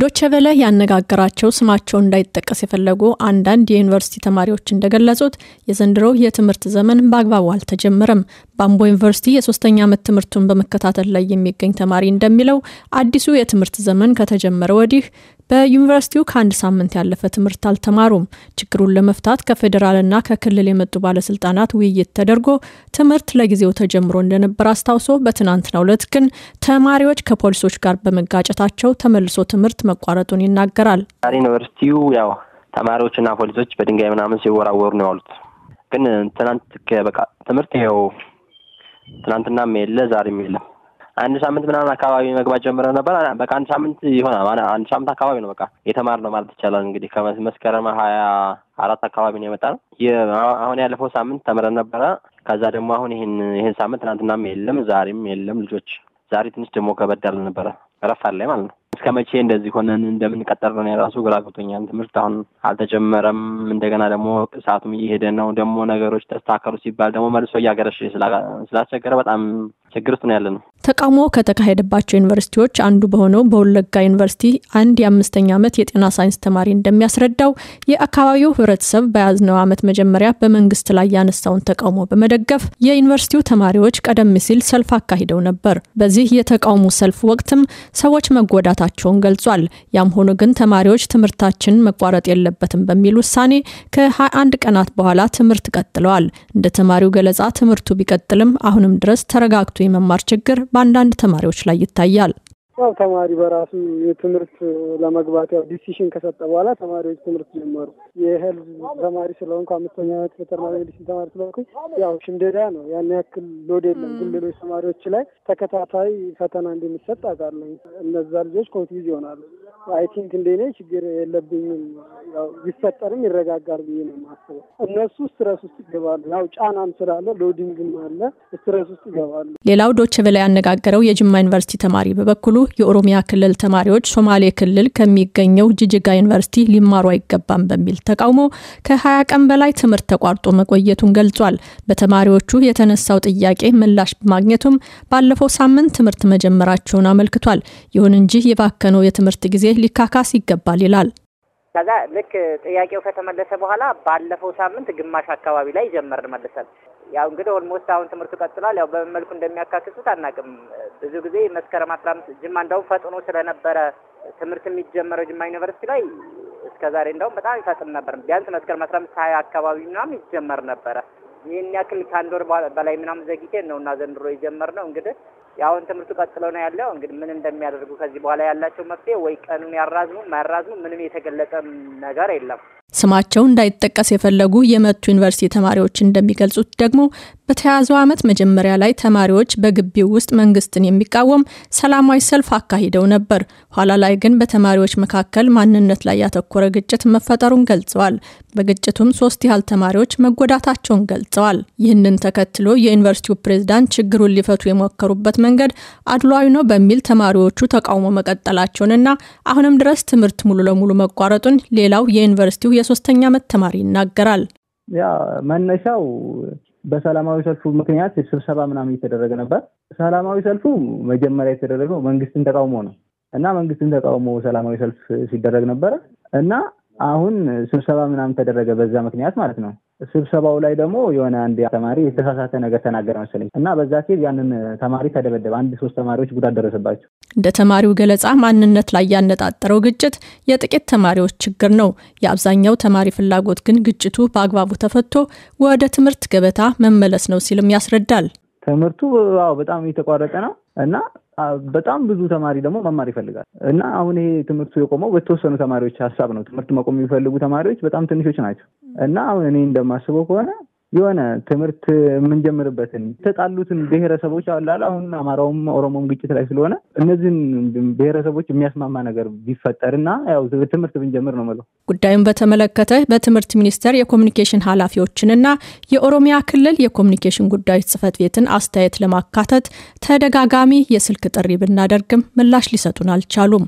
ዶቸቨለ ያነጋገራቸው ስማቸው እንዳይጠቀስ የፈለጉ አንዳንድ የዩኒቨርሲቲ ተማሪዎች እንደገለጹት የዘንድሮ የትምህርት ዘመን በአግባቡ አልተጀመረም። ባምቦ ዩኒቨርሲቲ የሶስተኛ ዓመት ትምህርቱን በመከታተል ላይ የሚገኝ ተማሪ እንደሚለው አዲሱ የትምህርት ዘመን ከተጀመረ ወዲህ በዩኒቨርሲቲው ከአንድ ሳምንት ያለፈ ትምህርት አልተማሩም። ችግሩን ለመፍታት ከፌዴራልና ከክልል የመጡ ባለስልጣናት ውይይት ተደርጎ ትምህርት ለጊዜው ተጀምሮ እንደነበር አስታውሶ በትናንትናው ዕለት ግን ተማሪዎች ከፖሊሶች ጋር በመጋጨታቸው ተመልሶ ትምህርት መቋረጡን ይናገራል። ዩኒቨርሲቲው ያው ተማሪዎችና ፖሊሶች በድንጋይ ምናምን ሲወራወሩ ነው ያሉት። ግን ትናንት በቃ ትምህርት ይኸው ትናንትናም የለ ዛሬም የለም። አንድ ሳምንት ምናምን አካባቢ መግባት ጀምረን ነበር። በቃ አንድ ሳምንት ይሆናል። አንድ ሳምንት አካባቢ ነው በቃ የተማርነው ማለት ይቻላል። እንግዲህ ከመስከረም ሀያ አራት አካባቢ ነው የመጣ ነው። አሁን ያለፈው ሳምንት ተምረን ነበረ። ከዛ ደግሞ አሁን ይህን ይህን ሳምንት ትናንትናም የለም ዛሬም የለም ልጆች። ዛሬ ትንሽ ደግሞ ከበድ ያለ ነበረ ረፋድ ላይ ማለት ነው። እስከ መቼ እንደዚህ ሆነን እንደምንቀጠር ነው የራሱ ግራ ገብቶኛል። ትምህርት አሁን አልተጀመረም። እንደገና ደግሞ ሰዓቱም እየሄደ ነው። ደግሞ ነገሮች ተስተካከሉ ሲባል ደግሞ መልሶ እያገረሽ ስላስቸገረ በጣም ችግር ውስጥ ነው ያለ ነው። ተቃውሞ ከተካሄደባቸው ዩኒቨርሲቲዎች አንዱ በሆነው በወለጋ ዩኒቨርሲቲ አንድ የአምስተኛ ዓመት የጤና ሳይንስ ተማሪ እንደሚያስረዳው የአካባቢው ህብረተሰብ በያዝነው ዓመት መጀመሪያ በመንግስት ላይ ያነሳውን ተቃውሞ በመደገፍ የዩኒቨርሲቲው ተማሪዎች ቀደም ሲል ሰልፍ አካሂደው ነበር። በዚህ የተቃውሞ ሰልፍ ወቅትም ሰዎች መጎዳታቸውን ገልጿል። ያም ሆኖ ግን ተማሪዎች ትምህርታችን መቋረጥ የለበትም በሚል ውሳኔ ከ21 ቀናት በኋላ ትምህርት ቀጥለዋል። እንደ ተማሪው ገለጻ ትምህርቱ ቢቀጥልም አሁንም ድረስ ተረጋግቶ የመማር ችግር በአንዳንድ ተማሪዎች ላይ ይታያል። ያው ተማሪ በራሱ የትምህርት ለመግባት ያው ዲሲሽን ከሰጠ በኋላ ተማሪዎች ትምህርት ጀመሩ። የህል ተማሪ ስለሆንኩ አምስተኛ ዓመት ቬተርናሪ ሜዲሲን ተማሪ ስለሆንኩ ያው ሽምደዳ ነው። ያን ያክል ሎድ የለም። ግን ሌሎች ተማሪዎች ላይ ተከታታይ ፈተና እንደሚሰጥ አውቃለሁ። እነዛ ልጆች ኮንፊውዝ ይሆናሉ። አይ ቲንክ እንደኔ ችግር የለብኝም ያው ቢፈጠርም ይረጋጋል ብዬ ነው የማስበው። እነሱ ስትረስ ውስጥ ይገባሉ። ያው ጫናም ስላለ ሎዲንግም አለ፣ ስትረስ ውስጥ ይገባሉ። ሌላው ዶች ያነጋገረው የጅማ ዩኒቨርሲቲ ተማሪ በበኩሉ የኦሮሚያ ክልል ተማሪዎች ሶማሌ ክልል ከሚገኘው ጅጅጋ ዩኒቨርሲቲ ሊማሩ አይገባም በሚል ተቃውሞ ከሀያ ቀን በላይ ትምህርት ተቋርጦ መቆየቱን ገልጿል። በተማሪዎቹ የተነሳው ጥያቄ ምላሽ በማግኘቱም ባለፈው ሳምንት ትምህርት መጀመራቸውን አመልክቷል። ይሁን እንጂ የባከነው የትምህርት ጊዜ ሊካካስ ይገባል ይላል። ከዛ ልክ ጥያቄው ከተመለሰ በኋላ ባለፈው ሳምንት ግማሽ አካባቢ ላይ ጀመርን መልሰን። ያው እንግዲህ ኦልሞስት አሁን ትምህርቱ ቀጥሏል። ያው በምን መልኩ እንደሚያካክሱት አናቅም። ብዙ ጊዜ መስከረም አስራ አምስት ጅማ እንደውም ፈጥኖ ስለነበረ ትምህርት የሚጀመረው ጅማ ዩኒቨርሲቲ ላይ እስከ ዛሬ እንደውም በጣም ይፈጥን ነበር። ቢያንስ መስከረም አስራ አምስት ሀያ አካባቢ ምናምን ይጀመር ነበረ። ይህን ያክል ከአንድ ወር በላይ ምናምን ዘግይቴን ነው እና ዘንድሮ የጀመርነው እንግዲህ የአሁን ትምህርቱ ቀጥሎ ነው ያለው። እንግዲህ ምን እንደሚያደርጉ ከዚህ በኋላ ያላቸው መፍትሄ ወይ ቀኑን ያራዝሙ ማያራዝሙ ምንም የተገለጸ ነገር የለም። ስማቸው እንዳይጠቀስ የፈለጉ የመቱ ዩኒቨርሲቲ ተማሪዎች እንደሚገልጹት ደግሞ በተያዘው ዓመት መጀመሪያ ላይ ተማሪዎች በግቢው ውስጥ መንግስትን የሚቃወም ሰላማዊ ሰልፍ አካሂደው ነበር። ኋላ ላይ ግን በተማሪዎች መካከል ማንነት ላይ ያተኮረ ግጭት መፈጠሩን ገልጸዋል። በግጭቱም ሶስት ያህል ተማሪዎች መጎዳታቸውን ገልጸዋል። ይህንን ተከትሎ የዩኒቨርሲቲው ፕሬዝዳንት ችግሩን ሊፈቱ የሞከሩበት መንገድ አድሏዊ ነው በሚል ተማሪዎቹ ተቃውሞ መቀጠላቸውንና አሁንም ድረስ ትምህርት ሙሉ ለሙሉ መቋረጡን ሌላው የዩኒቨርሲቲው የሶስተኛ ዓመት ተማሪ ይናገራል። ያ መነሻው በሰላማዊ ሰልፉ ምክንያት ስብሰባ ምናምን እየተደረገ ነበር። ሰላማዊ ሰልፉ መጀመሪያ የተደረገው መንግስትን ተቃውሞ ነው እና መንግስትን ተቃውሞ ሰላማዊ ሰልፍ ሲደረግ ነበረ እና አሁን ስብሰባ ምናምን ተደረገ በዛ ምክንያት ማለት ነው። ስብሰባው ላይ ደግሞ የሆነ አንድ ተማሪ የተሳሳተ ነገር ተናገረ መሰለኝ እና በዛ ኬዝ ያንን ተማሪ ተደበደበ። አንድ ሶስት ተማሪዎች ጉዳት ደረሰባቸው። እንደ ተማሪው ገለጻ ማንነት ላይ ያነጣጠረው ግጭት የጥቂት ተማሪዎች ችግር ነው። የአብዛኛው ተማሪ ፍላጎት ግን ግጭቱ በአግባቡ ተፈቶ ወደ ትምህርት ገበታ መመለስ ነው ሲልም ያስረዳል። ትምህርቱ በጣም የተቋረጠ ነው እና በጣም ብዙ ተማሪ ደግሞ መማር ይፈልጋል እና አሁን ይሄ ትምህርቱ የቆመው በተወሰኑ ተማሪዎች ሀሳብ ነው። ትምህርት መቆም የሚፈልጉ ተማሪዎች በጣም ትንሾች ናቸው እና አሁን እኔ እንደማስበው ከሆነ የሆነ ትምህርት የምንጀምርበትን የተጣሉትን ብሔረሰቦች አላሉ አሁን አማራውም ኦሮሞም ግጭት ላይ ስለሆነ እነዚህን ብሔረሰቦች የሚያስማማ ነገር ቢፈጠር እና ያው ትምህርት ብንጀምር ነው የምለው። ጉዳዩን በተመለከተ በትምህርት ሚኒስቴር የኮሚኒኬሽን ኃላፊዎችንና የኦሮሚያ ክልል የኮሚኒኬሽን ጉዳዮች ጽህፈት ቤትን አስተያየት ለማካተት ተደጋጋሚ የስልክ ጥሪ ብናደርግም ምላሽ ሊሰጡን አልቻሉም።